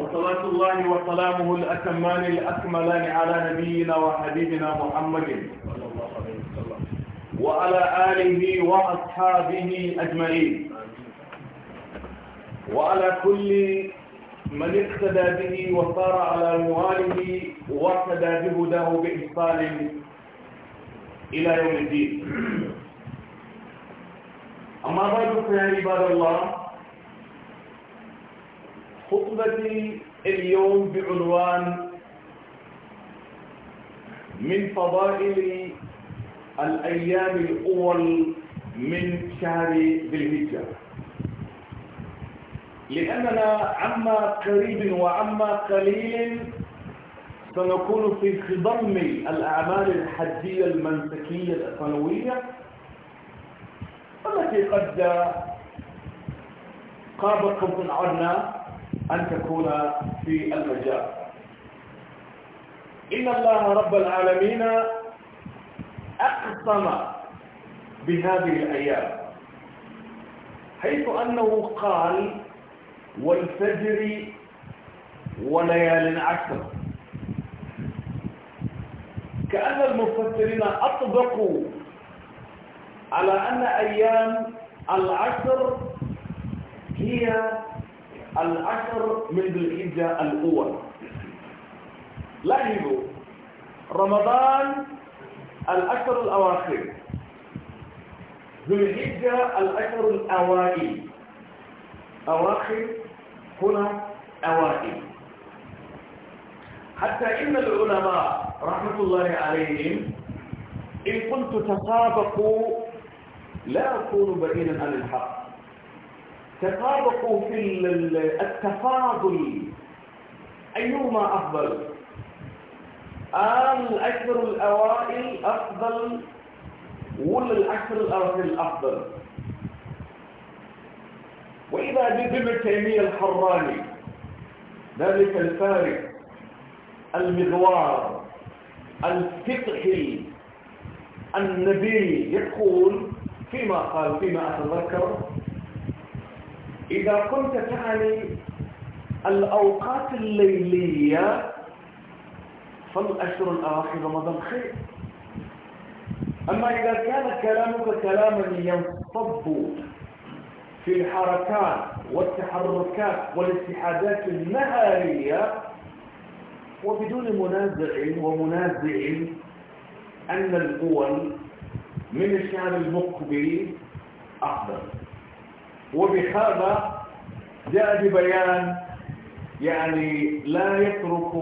وصلاة الله وسلامه الأتمان الأكملان على نبينا وحبيبنا محمد وعلى آله وأصحابه أجمعين وعلى كل من اقتدى به وصار على مواله واقتدى بهداه بإحصال إلى يوم الدين أما بعد فيا عباد الله خطبتي اليوم بعنوان من فضائل الأيام الأول من شهر ذي الهجرة لأننا عما قريب وعما قليل سنكون في خضم الأعمال الحجية المنسكية السنوية التي قد قاب قد عنا أن تكون في المجال إن الله رب العالمين أقسم بهذه الأيام حيث أنه قال والفجر وليال عشر كأن المفسرين أطبقوا على أن أيام العشر هي العشر من ذي الحجة الأول لاحظوا رمضان العشر الأواخر ذو الحجة العشر الأوائل أواخر هنا أوائل حتى إن العلماء رحمة الله عليهم إن كنت تسابقوا لا أكون بعيدا عن الحق تطابقوا في التفاضل أيهما أفضل العشر الأوائل أفضل ولا العشر الأوائل أفضل وإذا بذل تيمية الحراني ذلك الفارق المغوار الفتحي النبي يقول فيما قال فيما أتذكر إذا كنت تعني الأوقات الليلية فالأشهر الأواخر رمضان خير أما إذا كان كلامك كلاما ينصب في الحركات والتحركات والاتحادات النهارية وبدون منازع ومنازع أن الأول من الشهر المقبل أفضل وبهذا جاء ببيان يعني لا يترك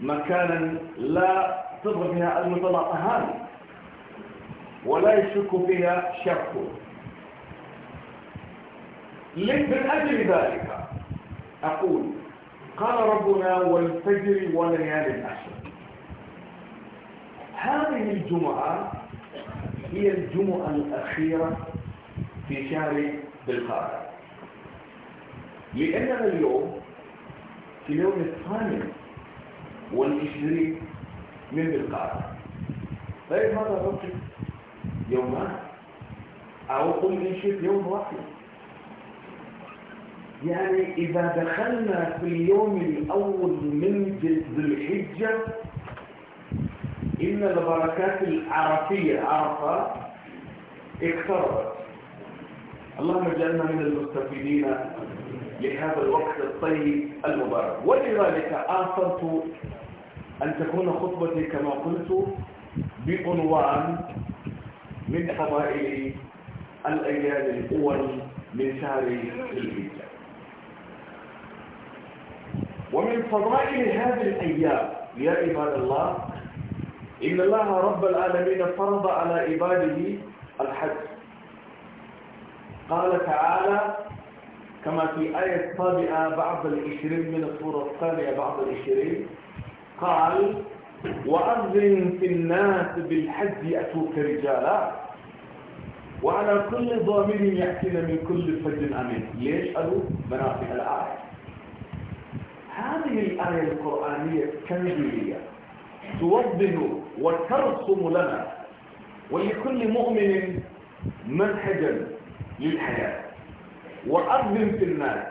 مكانا لا تظهر فيها المطلقة هذه ولا يشك فيها شك من أجل ذلك أقول قال ربنا والفجر وليالي العشر هذه الجمعة هي الجمعة الأخيرة في شهر بالخارج لأننا اليوم في اليوم الثامن والعشرين من بالقاعدة طيب هذا يوم يومان أو قل إن شئت يوم واحد يعني إذا دخلنا في اليوم الأول من ذي الحجة إن البركات العرفية عرفة اقتربت اللهم اجعلنا من المستفيدين لهذا الوقت الطيب المبارك ولذلك آثرت أن تكون خطبتي كما قلت بعنوان من فضائل الأيام الأول من شهر الهجرة ومن فضائل هذه الأيام يا عباد الله إن الله رب العالمين فرض على عباده الحج قال تعالى كما في آية سابقة بعض العشرين من الصورة الثانية بعض العشرين قال وأذن في الناس بالحج أتوك رجالا وعلى كل ضامر يأتينا من كل فج أمين ليش قالوا منافع الآية هذه الآية القرآنية كنجلية توضح وترسم لنا ولكل مؤمن منهجا للحياة وأذن في الناس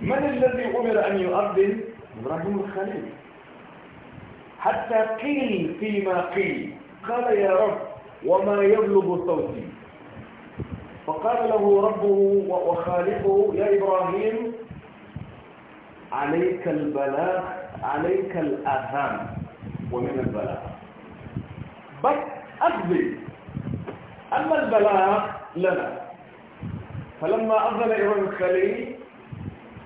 من الذي أمر أن يؤذن؟ إبراهيم الخليل حتى قيل فيما قيل قال يا رب وما يبلغ صوتي فقال له ربه وخالقه يا إبراهيم عليك البلاغ عليك الأذان ومن البلاغ بس أذن أما البلاغ لنا فلما أذن إمام الخليل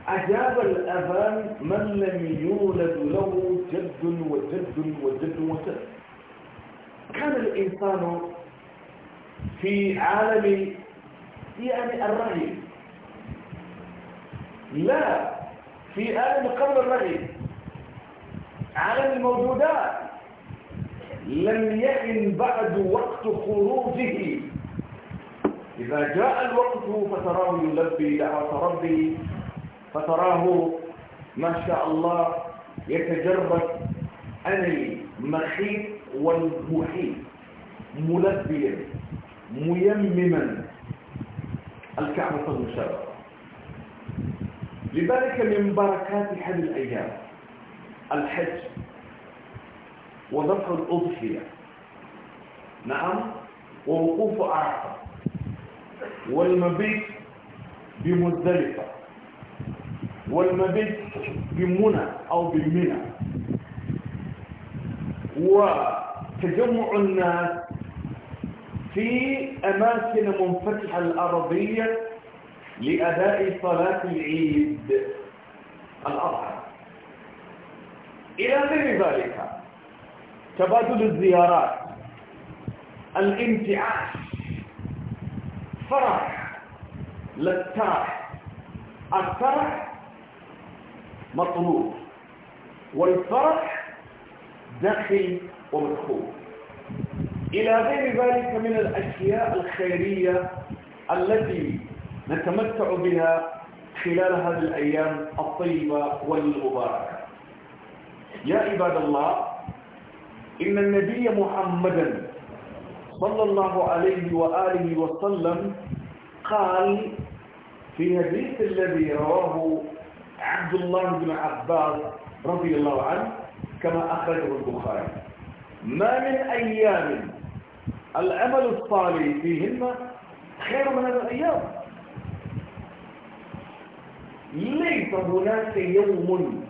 أجاب الأذان من لم يولد له جد وجد وجد وجد كان الإنسان في عالم يعني الرغي لا في عالم قبل الرغي عالم الموجودات لم يئن بعد وقت خروجه إذا جاء الوقت فتراه يلبي دعوة ربه فتراه ما شاء الله يتجرد عن المخيط والمحيط ملبيا ميمما الكعبة المشرفة لذلك من بركات هذه الأيام الحج ودفع الأضحية نعم ووقوف عرفة والمبيت بمزدلفة والمبيت بمنى أو بمنى وتجمع الناس في أماكن منفتحة الأرضية لأداء صلاة العيد الأربعة إلى غير ذلك تبادل الزيارات الانتعاش فرح للتاح الفرح مطلوب والفرح داخل ومدخول إلى غير ذلك من الأشياء الخيرية التي نتمتع بها خلال هذه الأيام الطيبة والمباركة يا عباد الله إن النبي محمدا صلى الله عليه وآله وسلم قال في حديث الذي رواه عبد الله بن عباس رضي الله عنه كما أخرجه البخاري ما من أيام العمل الصالح فيهن خير من هذه الأيام ليس هناك يوم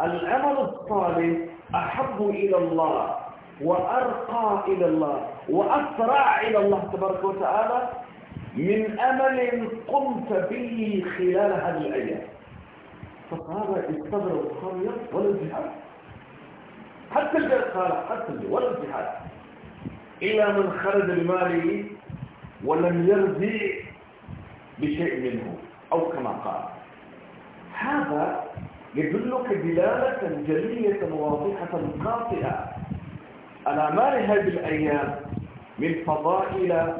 العمل الصالح أحب إلى الله وأرقى إلى الله وأسرع إلى الله تبارك وتعالى من أمل قمت به خلال هذه الأيام فقال استغرب القرية ولا الجهاد حتى الجهاد قال حتى الجهاد ولا الجهاد إلا من خرج بماله ولم يرجع بشيء منه أو كما قال هذا يدلك دلالة جلية واضحة قاطئة على مال هذه الأيام من فضائل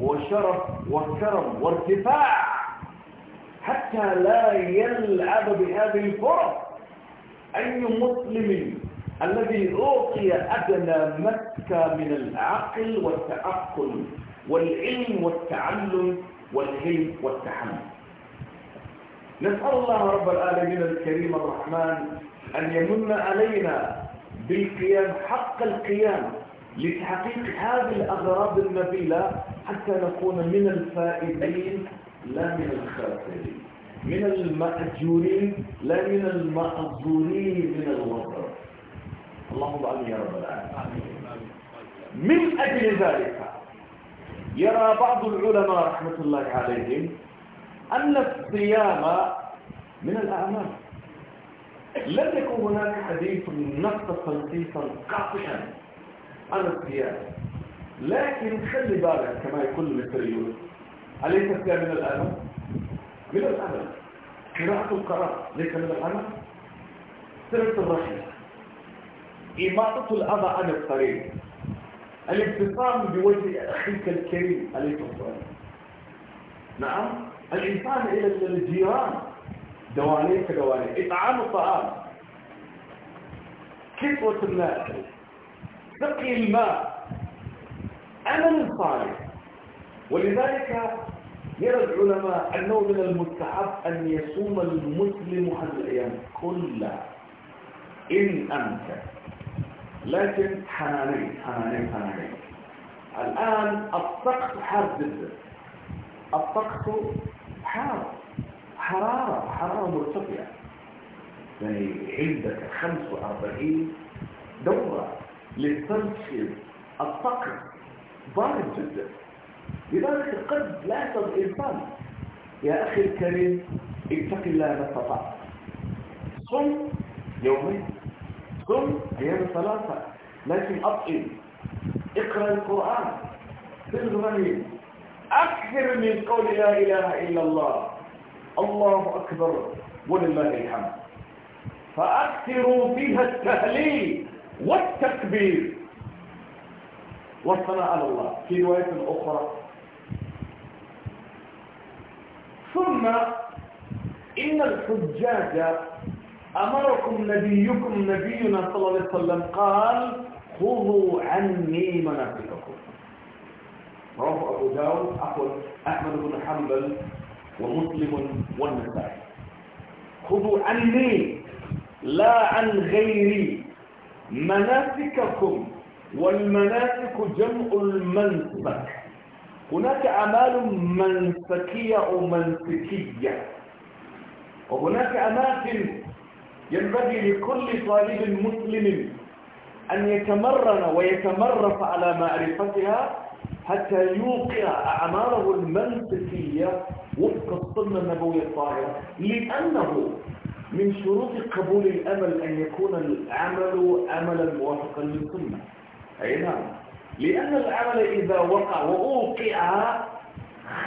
وشرف وكرم وارتفاع حتى لا يلعب بهذه الفرص أي مسلم الذي أعطي أدنى مسكة من العقل والتأقل والعلم والتعلم والحلم والتحمل نسأل الله رب العالمين الكريم الرحمن أن يمن علينا بالقيام حق القيام لتحقيق هذه الأغراض النبيلة حتى نكون من الفائدين لا من الخاسرين من المأجورين لا من المأجورين من الوطن اللهم علي يا رب العالمين من أجل ذلك يرى بعض العلماء رحمة الله عليهم أن الصيام من الأعمال لم يكن هناك حديث نقص تنقيصا قاطعا عن الثياب لكن خلي بالك كما يقول المستريون أليس الثياب من الأمل؟ من الأمل قراءة القرار ليس من الأمل؟ سرة الرحمة إماطة الأمى عن الطريق الابتسام بوجه أخيك الكريم عليه الصلاة نعم الإنسان إلى الجيران دواني كدواني إطعام الطعام كسوة الماء سقي الماء أمل صالح ولذلك يرى العلماء أنه من المستحب أن يصوم المسلم هذه الأيام كلها إن أمكن لكن حنانين حنانين حنانين الآن الطقس حار جدا الطقس حار حرارة حرارة مرتفعة يعني عندك 45 دورة للتنشيط الطاقم ضارب جدا لذلك قد لا الإنسان يا أخي الكريم اتق الله ما استطعت صم يومين صم أيام ثلاثة لكن أطعم اقرأ القرآن في الغنين أكثر من قول لا إله إلا الله الله أكبر ولله الحمد فأكثروا فيها التهليل والتكبير والثناء على الله في رواية أخرى ثم إن الحجاج أمركم نبيكم نبينا صلى الله عليه وسلم قال خذوا عني منافقكم رواه أبو داود أحمد بن حنبل ومسلم والنسائي خذوا عني لا عن غيري مناسككم والمناسك جمع المنسك هناك أعمال منسكية أو منسكية وهناك أماكن ينبغي لكل طالب مسلم أن يتمرن ويتمرس على معرفتها حتى يوقع أعماله المنطقية وفق السنة النبوية الطاهرة لأنه من شروط قبول الأمل أن يكون العمل عملا موافقا للسنة أي نعم لأن العمل إذا وقع وأوقع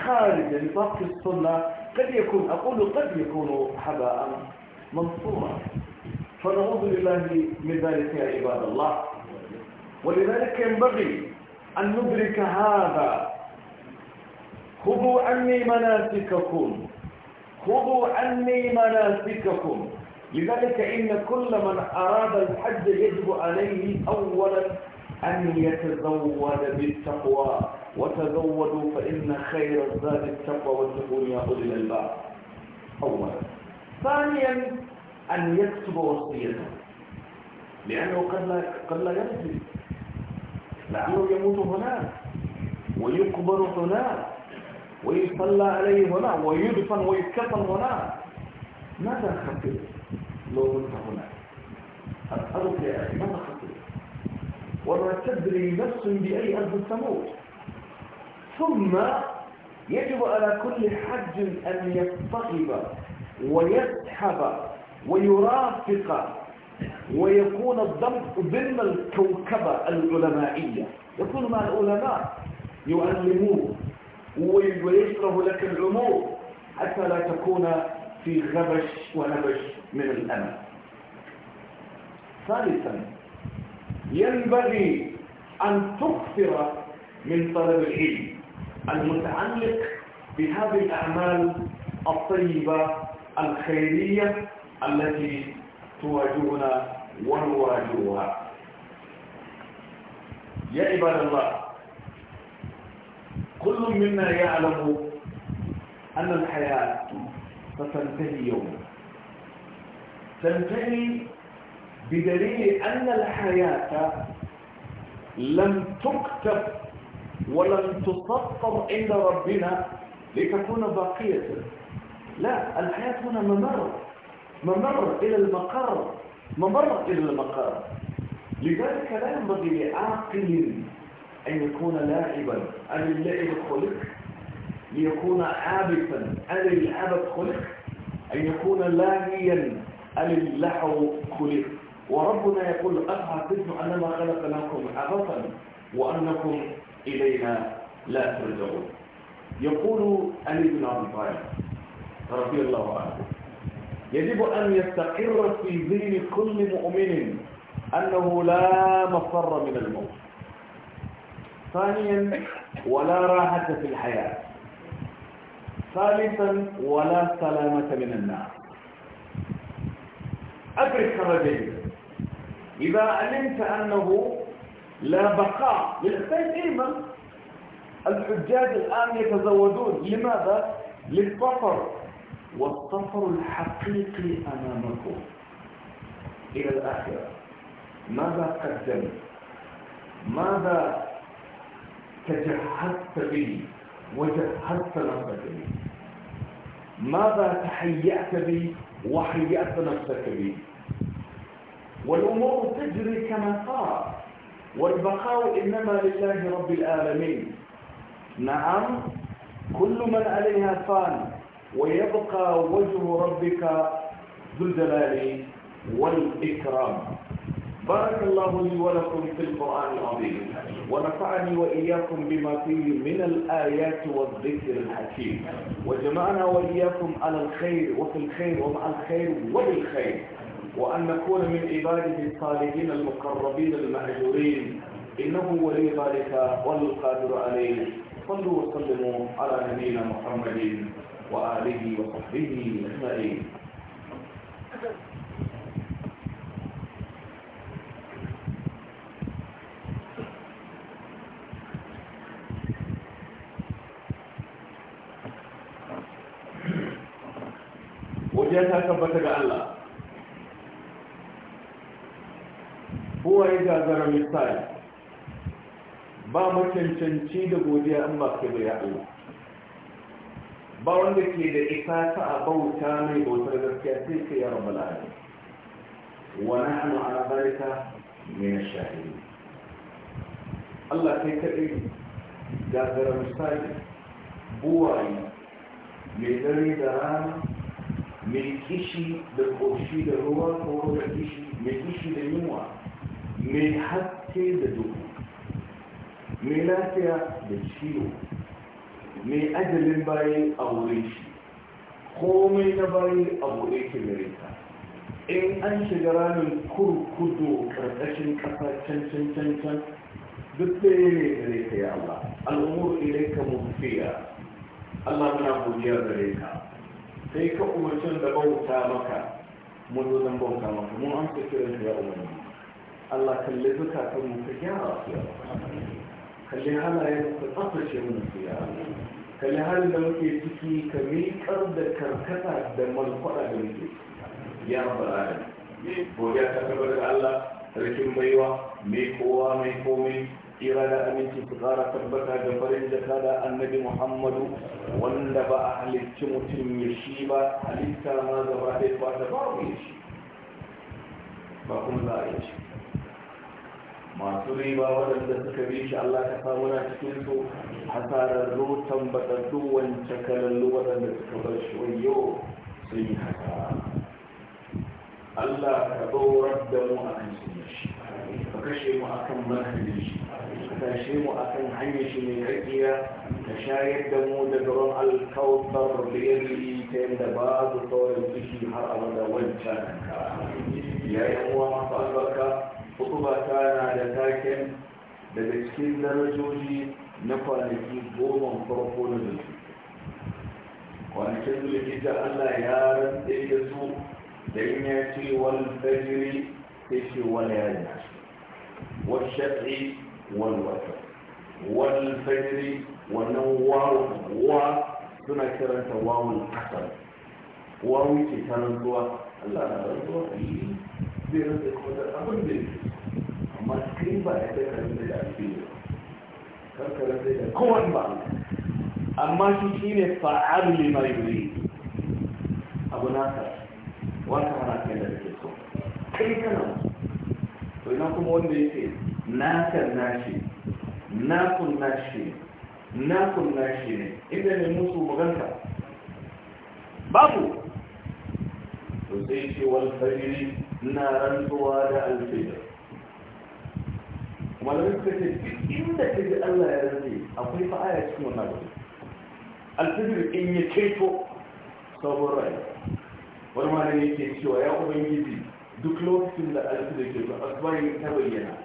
خارج نطاق السنة قد يكون أقول قد يكون حباء منصورا فنعوذ بالله من ذلك يا عباد الله ولذلك ينبغي أن ندرك هذا خذوا عني مناسككم خذوا عني مناسككم لذلك إن كل من أراد الحج يجب عليه أولا أن يتزود بالتقوى وتزودوا فإن خير الزاد التقوى والتقون يا أولي الألباب أولا ثانيا أن يكتب وصيته لأنه قد لا, يكتب لعله يموت هناك ويقبر هناك ويصلى عليه هناك ويدفن ويكفن هناك ماذا خطر لو كنت هناك أسألك يا أخي ماذا خطر ولا تدري نفس بأي أرض تموت ثم يجب على كل حج أن يضطهب ويسحب ويرافق ويكون الضبط ضمن الكوكبة العلمائية يكون مع العلماء يؤلمون ويشره لك الأمور حتى لا تكون في غبش ونبش من الأمل ثالثا ينبغي أن تكثر من طلب العلم المتعلق بهذه الأعمال الطيبة الخيرية التي تواجهنا ونواجهها يا عباد الله كل منا يعلم أن الحياة ستنتهي يوما تنتهي بدليل أن الحياة لم تكتب ولم تسطر عند ربنا لتكون باقية لا الحياة هنا ممر ممر إلى المقر ممر إلى المقر لذلك لا ينبغي لعاقل أن يكون لاعبا أن اللعب خلق ليكون عابثا أن العبث خلق أن يكون لاهيا أن اللحو خلق وربنا يقول أفعتم أنما خلق لكم عبثا وأنكم إلينا لا ترجعون يقول علي بن أبي طالب رضي الله عنه يجب أن يستقر في ذهن كل مؤمن أنه لا مفر من الموت ثانيا ولا راحة في الحياة ثالثا ولا سلامة من النار أدرك الرجل إذا علمت أنه لا بقاء للأساس إيمان الحجاج الآن يتزودون لماذا؟ للفقر والطفر الحقيقي أمامكم إلى الآخرة ماذا قدمت ماذا تجهزت به وجهزت نفسك به ماذا تحيأت به وحيأت نفسك به والأمور تجري كما صار والبقاء إنما لله رب العالمين نعم كل من عليها فان ويبقى وجه ربك ذو الجلال والإكرام بارك الله لي ولكم في القرآن العظيم ونفعني وإياكم بما فيه من الآيات والذكر الحكيم وجمعنا وإياكم على الخير وفي الخير ومع الخير وبالخير وأن نكون من عباده الصالحين المقربين المأجورين إنه ولي ذلك والقادر عليه صلوا وسلموا على نبينا محمد وآله وصحبه أجمعين wajen ta tabbata ga Allah kowa ya gagara misali ba mu cancanci da godiya an ba ka bai Allah ba wanda ke da ifata a bauta mai bautar gaskiya sai ka ya rabu la'adu wa na hannu a zarika mai shahidi allah kai kaɗai gagara misali buwaye mai dare da rana mai kishi da ƙoshi da ruwa ko da kishi mai kishi da yunwa mai haske da duhu mai lafiya da ciwo mai ajalin bayi a wurin shi komai na bayi a wurin shi mere ta in an shiga ramin kurkudu karkashin kafa can can can can duk da ya ne gare ka ya Allah al'umur ilai ka mufiya Allah muna godiya gare ka sai ka umarcin da bauta maka mun zo zan bauta maka mun amsa kiran ya umarni Allah kalli zukatan mu ka gyara su ya kalli halayen ka tsaftace mu su ya Allah kalli halin da muke ciki ka miƙar da karkata da malfaɗa da muke ya rabbala ne godiya ta tabbata da Allah rikin baiwa mai kowa mai komai kira da aminci su ƙara tabbata da farin jaka da annabi muhammadu wanda ba a halicci mutum ya shi ba halitta ma gaba ɗaya ba ta ba mu ya shi ba kuma za a yi shi masu riba waɗanda suka bi shi Allah ka samu na cikin su hasararru tambatattu wance kalallu waɗanda suka bar shi wayo sun yi haka Allah ka ɗaurar da mu a kan sun shi ka kashe mu akan kan shi ka tashe mu akan hanyar shi mai karkiya ka shayar da mu da gaban alkawtar da yadda ta yadda su sauran ciki har abada wancan ka yayin uwa masu albarka hutuba na da taken daga cikin darajoji na kwanaki goma farko na zuci kwanakin zulhijja allah ya rantse da su da in ya ce wal fajiri ya ce wal yari wal shafi Wani wata wani fajiri wannan wa suna kiranta wawul kasar wawu ce ta rantsuwa allah na rantsuwa zai rantsa kuma abin da ya amma ba ya kai karanta da addini kar karanta da kowane ba amma shi ne shine ne mai wuri. abu naka wata hana kai da kake so kai kana to ina kuma wanda yake naka nashi nakun nashi nakun nashi ne inda ne musu maganta babu to sai ce wal fajiri na rantsuwa da alfajir malamin suka ce duk inda ke ji Allah ya rantse akwai fa aya cikin wannan abu alfijir in ya ceto sabon rai wani malami yake cewa ya ubangiji duk lokacin da alfijir ke ba asbayin ta bayyana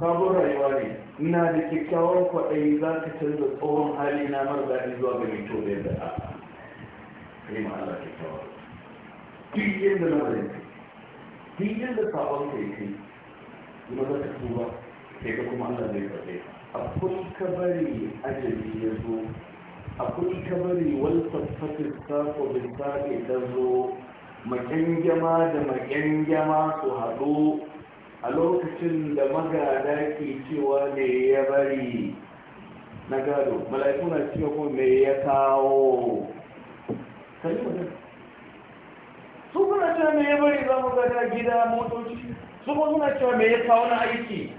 sabon rayuwa ne na da kyakkyawan kwaɗayi za ka canza tsohon hali na mara daɗi zuwa ga mito tobe da a kai ma Allah kyakkyawa duk yadda na rai duk yadda sabon kai kai kuma za ka tuba sai ka kuma Allah zai faɗe akwai kabari ajali ya zo akwai kabari wal tafatir sako bin sake ta zo maƙyangyama da maƙyangyama su haɗu a lokacin da magada ke cewa me ya bari na gado mala'iku na cewa ko me ya kawo su kuna cewa me ya bari za mu gada gida motoci su kuma suna cewa me ya kawo na aiki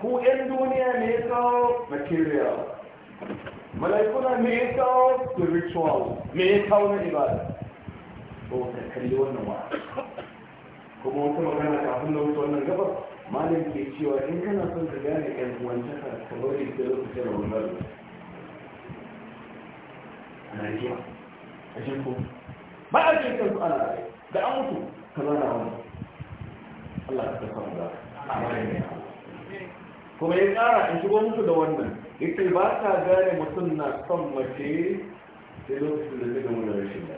ku 'yan duniya ne ya kawo material mala'ikuna me ya kawo spiritual me ya kawo na ibada ko ka kalli wannan wa kuma wata magana kafin da wuce wannan gabar malam ke cewa in kana son ka gane yan uwantaka ka bari da lokacin ramadan a Najeriya a shan ko ba a cikin su ana da an mutu ka zana wani Allah ka kasa mu da a ne ya kuma ya kara in shigo musu da wannan ita ba ta gane mutum na son mace sai lokacin da ta gama da rashin da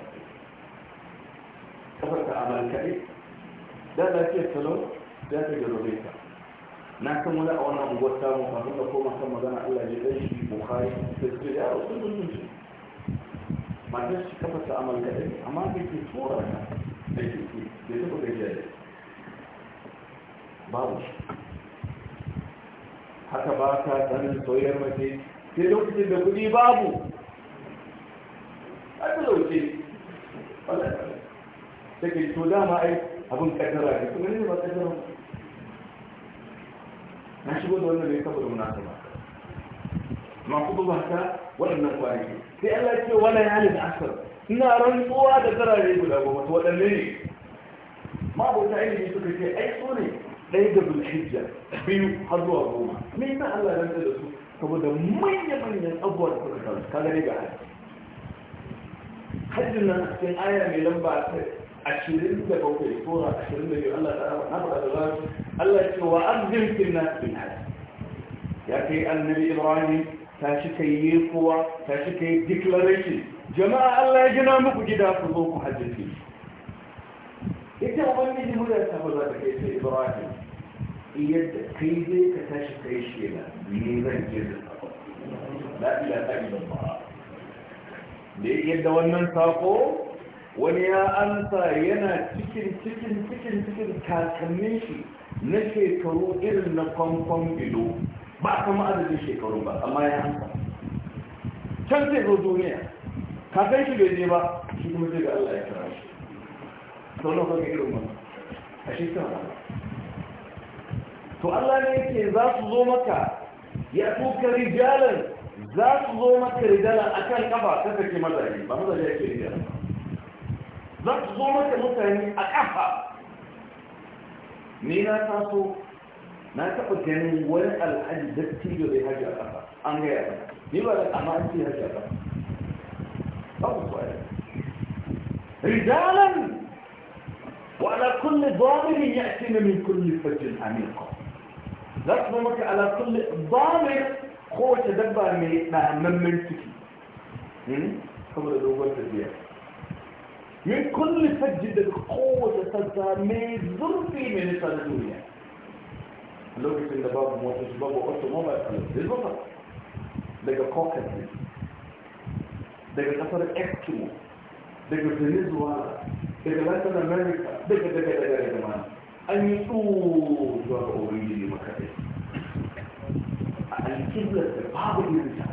kafar ta amalkaɗe da lafiyar salon da ta garobe ta na san wani a wannan unguwar samun kafin da koma kan magana allah ya ɗan shi bukari da su ya a wasu zunzunci matar shi kafar ta amalkaɗe amma da ke tsoron ta da ke da ta gajiya babu shi haka ba ka sanin soyayyar mace sai lokacin da kuɗi babu a talauce ta ke to dama ai abin kaddara ne kuma ne ba kaddara na shigo da wannan ne saboda munasaba ma ku ba ta waɗannan kwanaki sai Allah ce wala yalin asar ina rantsuwa da zarare guda goma to waɗanne ne ma abota ilimi suka ce ai so ne ɗaya da bulhijja biyu har zuwa goma me yasa Allah ya da su saboda manya-manyan abubuwa da suka kawo kaga ne ga hajji hajjin nan cikin aya mai lamba ta ashirin da bakwai sura ashirin da biyu Allah ta na faɗa da za Allah ce wa azzin fil nas bil hajj ya kai annabi Ibrahim ta shi kai yi kowa ta shi kai declaration jama'a Allah ya gina muku gida ku zo ku hajji ita ubangiji mu da ta fa da ta kai sai Ibrahim yadda kai zai ka tashi kai shela ne zan je da la ilaha illallah da yadda wannan sako wani ya amsa yana cikin cikin cikin cikin kakannin shi na shekaru irin na kwankwan bilo ba kama adadin shekaru ba amma ya amsa can zai zo duniya kakan shi bai je ba shi kuma zai ga Allah ya kira shi sau na kwankwan irin ba, a ba. to Allah ne yake za su zo maka ya tuka rijalan za su zo maka rijalan akan kafa kasa ke mazaje ba mazaje yake rijalan za su zo maka mutane a kafa ni na taso na taɓa ganin wani alhaji dattijo zai hajji a kafa an gaya ba ni ba da amma an ce hajji a kafa ba ku kwaya rijalan وعلى كل ضامر يأتينا من كل فج عميق لكن مك على كل ضامر خو تدبر من ما من من تكي خبر الأول تبيع من كل فجد الخو تدبر من ظرفي من الدنيا لو كنت باب موت شباب وقلت ما بعرف ليش ما صار دقة كوكب دقة قصر إكتمو دقة زنزوالا دقة لاتن أمريكا دقة دقة دقة دقة دقة دقة an yi tsoro zuwa ga ubangiji makaɗai a alkiblar da babu irin ta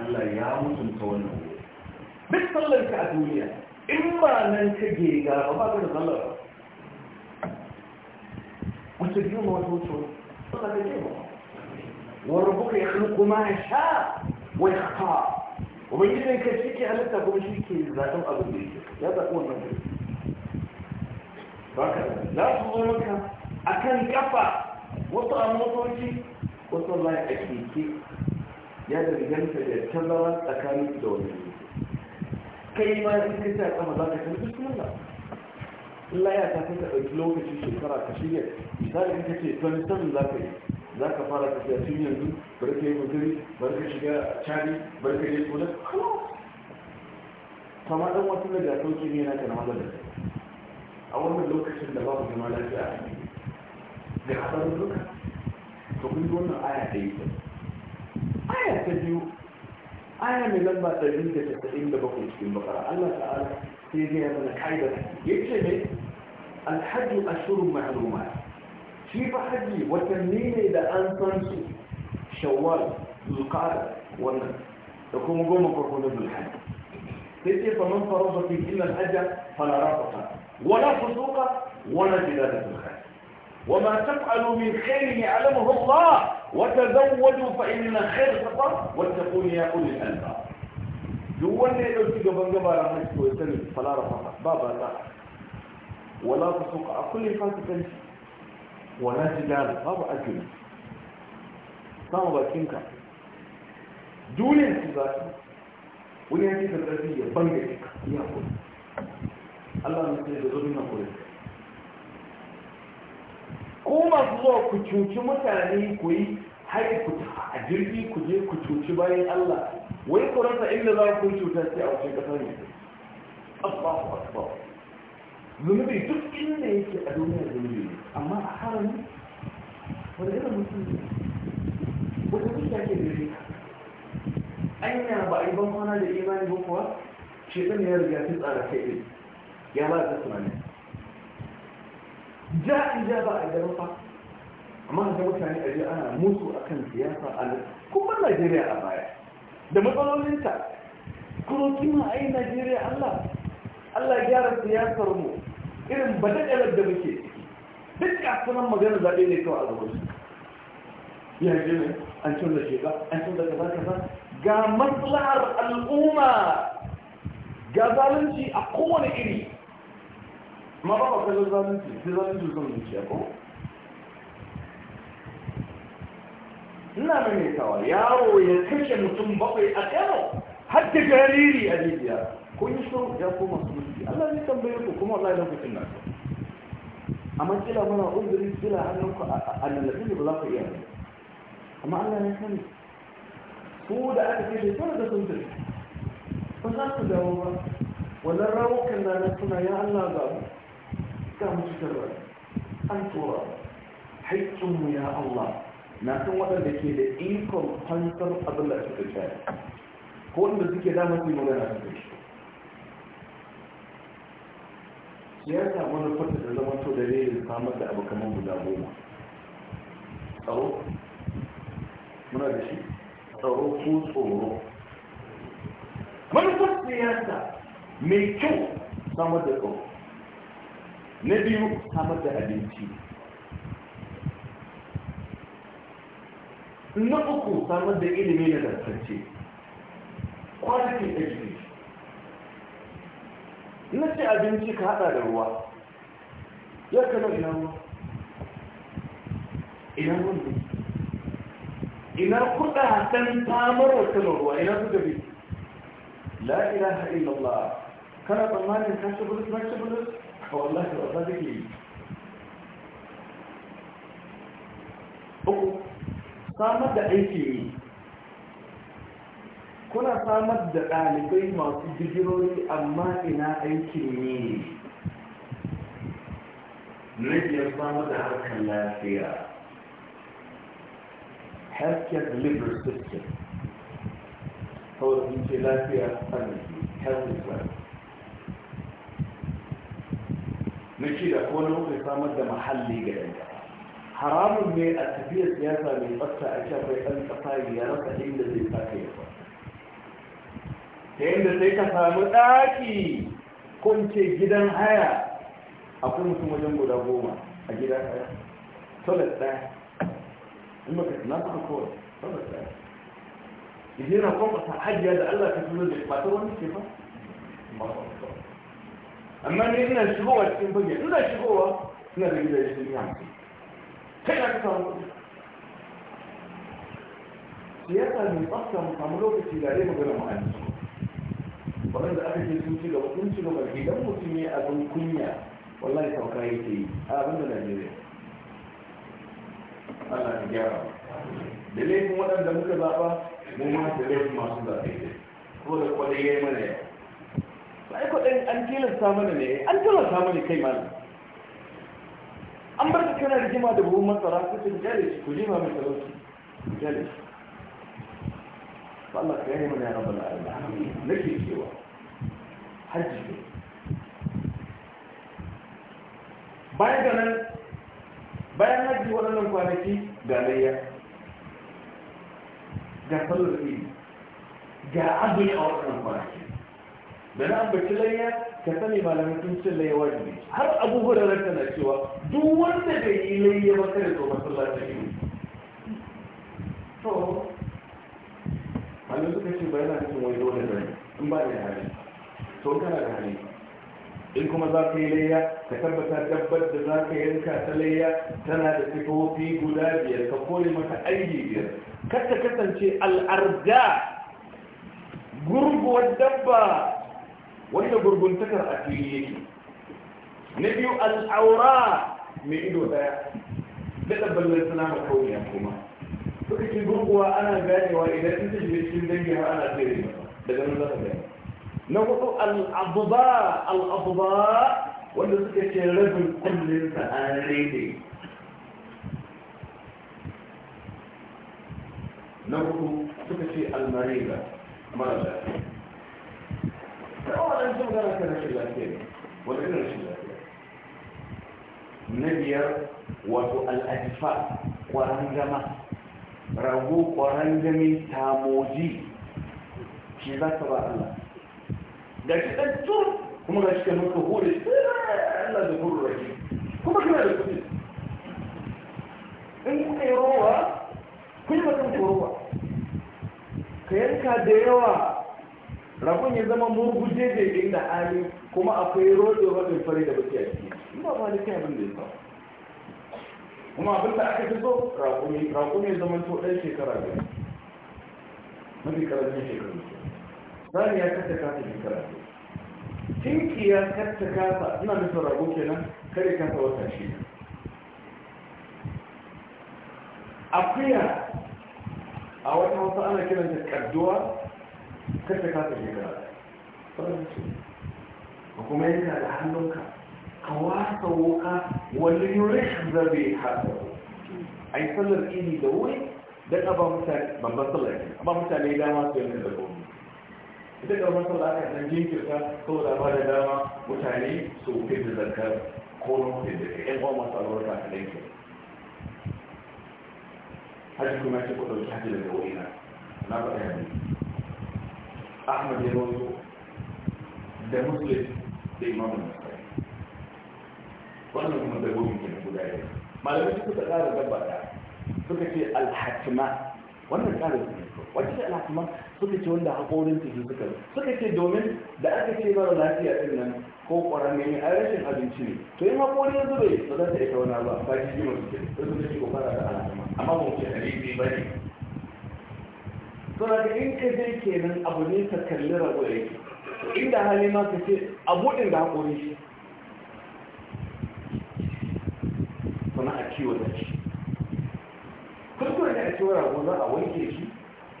Allah ya mutunta wannan wuri duk sallar ka a duniya in ba nan ka gega ba ba ka da sallar ba wata biyu ma wata wuce wata ka ce ba wani buka ya halku ma ya sha wai haka ubangijin ka shi ke halitta kuma shi ke zaɓen abin da ya zaɓi wannan wuri za su zo maka a kan kafa wasu a motoci wasu ba a keke ya danganta da tazara tsakanin da wani kai ma in ka ta kama za ka kan bismillah Allah ya ta kanta ɗauki lokaci shekara ka shirya misali in ka ce 27 za ka yi za ka fara tafiya tun yanzu bari ka yi guduri bari ka shiga cari bari ka yi kula kama ɗan wasu da gasauki ne na kan halar da أول من لوكشن ده بقى جمال الجاهل ده حصل لوكا فكل دول آية تيجي آية تجيو آية من لما تجيو تتسئل ده بقى في البقرة الله تعالى تيجي أنا كايدة يجب الحج أشهر معلومات شيف حجي وتنين إذا أنصنش شوال القارة وانا تقوم قوم قرقون بالحج تيجي فمن فرضت إلا الحج فلا رابطة ولا فسوق ولا زلالة الخير وما تفعلوا من خير يعلمه الله وتزودوا فإن خير فقط واتقون يا أولي الألباب جوان لي لو تيجي بن جبار عمشت ويسلم فلا رفض بابا لا ولا فسوق كل فات تنسي ولا زلالة هذا أجل سامة باكينكا دولي انتظار ونحن في الرزية بنجتك يا أولي Allah ne ke da zuri na kuri. Ko masu zuwa ku cuci mutane ku yi har ku a jirgi ku je ku cuci bayan Allah wai ku rasa inda za ku cuta sai a wajen kasar ne ku. akbar zunubi duk inda yake a duniya zunubi ne amma a harami wanda irin mutum ne wata kusa ke da shi anya ba a yi ban kwana da imani ba kuwa shi ya riga ta tsara kai ne ba يا ما تسمعني جاء إجابة إجابة amma da mutane a yi ana musu akan siyasa a kuma najeriya a baya da matsalolinta kuma kima a yi najeriya allah allah gyara siyasar mu irin badakalar da muke ciki duk kasunan magana zaɓe ne kawai a gaban su ya ji ne an cin da sheka an cin da kaza kaza ga maslahar al'umma ga zalunci a kowane iri ma ba wa kallon zalunci sai zalunci sun zuciya ko ina maimaitawa yawo ya kashe mutum bakwai a kano har da jariri a libya ko yi shuru ya koma su musulmi allah ne tambaye ku kuma wallahi lokacin nan amma kila muna uzuri kila hannunku a lalatin da ba za ku iya amma allah ya sani su da aka kashe tare da sun tafi ba za su dawo ba wannan rawukan da na suna ya allah ga mu samu cutarwa an tura haƙƙinmu ya Allah na san waɗanda ke da ikon hantar abin da suka shaya ko wanda suke damar su magana su kai siyasa wani fata da zama to da rere samar da abu kamar guda goma tsaro muna da shi tsaro ko tsoro manufar siyasa mai kyau samar da tsoro na biyu samar da abinci na uku samar da ilimi na zartacce quality education na ce abinci ka hada da ruwa ya kama ina ruwa ina ruwa ina kuɗa hatan samar wa kama ruwa ina su gabi la ilaha illallah kana tsammanin kashe bulus kashe bulus fa wallahi wasa zake yi uku samar da aiki ne kuna samar da ɗalibai masu digirori amma ina aikin ne rigiyar samar da harkar lafiya healthcare delivery system kawai sun ce lafiya arziki health is na da ko lokacin samar da mahalli ga yan haramun ne a tafiyar siyasa mai tsafta a ce bai ɗan ƙasa ya rasa inda zai sake ya fa ta yadda sai ka samu ɗaki ce gidan haya akwai mutum wajen guda goma a gida ɗaya toilet ɗaya in ka na suka kowai toilet ɗaya idan na ta hajiya da allah ka tuzo da ba ta wani ce ba amma ne ina shigowa cikin fage ina shigowa ina da gida ya shirin yanzu kai na kasa wani ya sa mai tsafta mu samu lokaci da ya magana Wannan da aka ce sun ci gaba sun ci gaba idan mutum ya abin kunya wallahi sauka yake yi a abin da najeriya allah ta gyara da laifin waɗanda muka zaɓa mu ma da laifin masu zaɓe ko da kwaɗayyar mana yawa aiko an tilasta mana an tilasta mana kai malam an bar da kana rigima da buhun masara su shi mai talauci shi Allah ka yi mana da nake cewa hajji ne bayan ga nan bayan hajji waɗannan kwanaki ga layya ga da ga azumi a waɗannan kwanaki da na ambaci layya ka sani malamai sun ce layya wajibi har abu hurarar tana cewa duk wanda bai yi layya ba kada zo masallacin ne to malamai suka ce ba yana cikin wani dole ba in ba da hali to kana da hali in kuma za ka yi layya ka tabbata dabbar da za ka yanka ta layya tana da sifofi guda biyar ka kone mata aiki biyar kar ta kasance al'arda gurguwar dabba wanda gurguntakar a fili yake na biyu al'aura mai ido daya daɗa ballar suna makauniya kuma suka ce gurguwa ana ganewa idan ita shiga cikin dangi har ana tsere masa daga nan za ta gane na hudu al'abuba al'abuba wanda suka ce rabin kullum sa an rede na hudu suka ce almariga mara lafiya an zama gana kan rashin lafiya ne wata irin rashin lafiya na biyar wato al'adifa kwaran zama rago kwaran tamoji shi za ka ba Allah da shi ɗan tur kuma ga shi ka maka hore eh, Allah da huru rashi kuma kana da kuɗi in kuka yi rowa kun yi bakan ka yanka da yawa ragon ya zama murguje da inda da kuma akwai rodo rodin fari da baki a ba ba likin abin da ya sa kuma abin da aka fi so rakumi rakumi ya zama to ɗan shekara biyar mafi karamin shekaru sani ya kasa kasa shekara biyar tinki ya kasa kasa ina nufin rago kenan kare kasa wata shi akuya a wata wasu ana kiranta kadduwa kar ka kasa jira karatu ba kuma yana da hannunka ka wasa wuka wani yurin zabe hasa a yi sallar ini da wuri da a ba mutane babban sallar ne a ba mutane dama su yanka da gomi ita karfin sallar aka nan jinkirta saboda ba da dama mutane su wuce da zarkar ko na wuce da ke yan uwa masu alwarka a ɗanke hajji kuma ya ce ku ɗauki hajji daga ina, na ba faɗa yanzu ahmad ya rawaito da muslim da imamu nasai wannan kuma dabbobin ke guda yau malamai suka tsara dabba da suka ce alhatima wannan tsarin su ne wacce da alhatima suka ce wanda haƙorin su suka suka ce domin da aka ce mara lafiya ɗin nan ko ƙwararre ne a rashin abinci ne to yin haƙori ya zube ba za ta iya tauna ba ba ji jima suke sai suka ce ko fara da alhatima amma ba mu ce hadisi ba ne suna da in ka je kenan abu ne ka kalli rago yake inda hali ma ka ce a buɗin da haƙori shi kuma a kiwo da shi kurkure da a ciwo rago za a wanke shi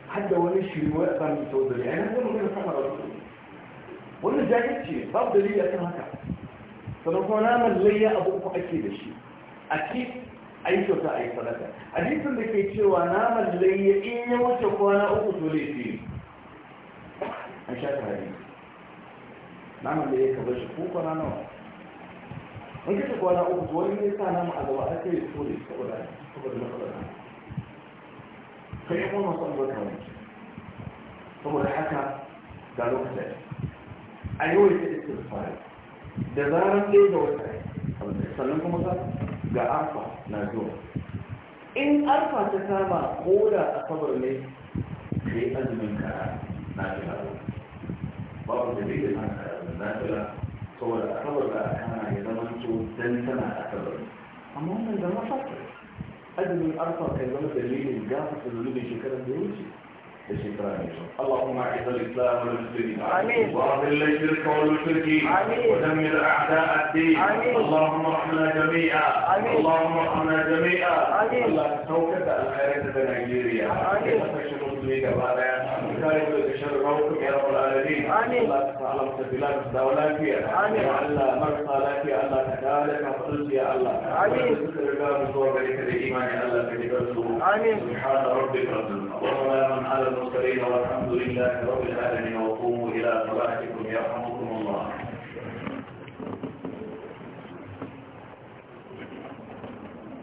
har da wani shiriwa a samun sauzari a yanzu mutum sama rago wannan jahilci babu dalili a kan haka sannan kuma naman layya abubuwa uku ake da shi a ci ai kyauta ai sadaka hadisin da ke cewa naman layya in ya wuce kwana uku to laifi an sha ta hadisi naman layya ka bar shi ko kwana nawa in kace kwana uku to wani ne sa naman a gaba ake yi kore saboda saboda matsalar kai kuma masu albarka ne saboda haka ga lokacin a yau ya ce da zaran ɗaya da wata sannan kuma ka ga arfa na zuwa in arfa ta kama ko da asabar ne ka yi azumin kara na fila babu da bai da na fila saboda asabar da a kana ya zama to don tana asabar amma wannan zama fata azumin arfa kai zama dalilin gafa da zunubin shekarar da ya wuce اللهم اعز الاسلام والمسلمين وارض الشرك والمشركين ودمر اعداء الدين اللهم ارحمنا جميعا اللهم ارحمنا جميعا اللهم توكل على خيرات نيجيريا وتشكر لك بعد الكاري والإشار روحكم يا رب العالمين آمين الله تعالى مستبلاد مستولا فيها آمين وعلا مرصى لا فيها الله تعالى كفرس يا الله آمين وسترقى بصور بريك الإيمان يا الله في نبرسه آمين سبحان ربك رب وسلام على المرسلين والحمد لله رب العالمين وقوموا إلى صلاتكم يرحمكم